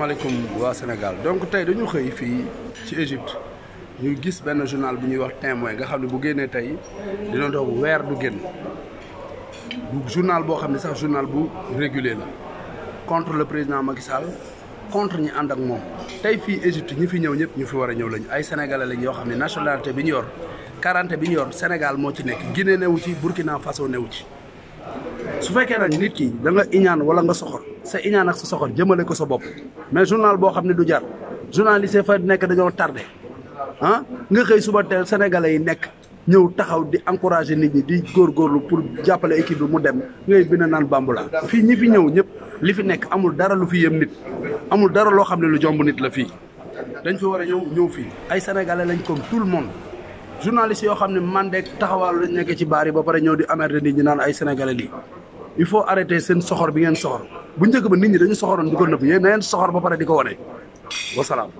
alaikum wa Sénégal donc tay dañu xey fi ci Égypte ñu gis ben journal bu ñuy wax témoin nga xamni bu du journal bo journal bu régulier la contre le président Macky Sall contre ñi and ak mom. Tay fi Égypte ñi fi ñew ñep ñu fi wara ñew lañ. ay sénégalais lañ nationalité bi bi Sénégal mo ci Guinée ci Burkina Faso newu ci su fekkee nag nit ki da nga iñaan wala nga sa iñaan ak sa soxor jëmale ko sa bopp mais journal boo xam ne du jar journaliste fa nekk dañoo tardé ah nga xëy suba teel sénégalais yi nekk ñëw taxaw di encourager nit ñi di góor góorlu pour jàppale équipe bi mu dem ngay bind naan la fii ñi fi ñëw ñëpp li fi nekk amul dara lu fi yëm nit amul dara loo xam ne lu jomb nit la fii dañ fi war a ñëw ñëw fii ay sénégalais lañ comme tout le monde journaliste yoo xam ne man de taxawaalu lañ nekk ci baar yi ba pare ñëw di amer nit ñi naan ay sénégalais lii il faut arrêter seen soxor bi ngeen soxor bu njëkk ba nit ñi dañu soxoroon di ko nëbb yéen na ngeen soxor ba pare di ko wane wasalaam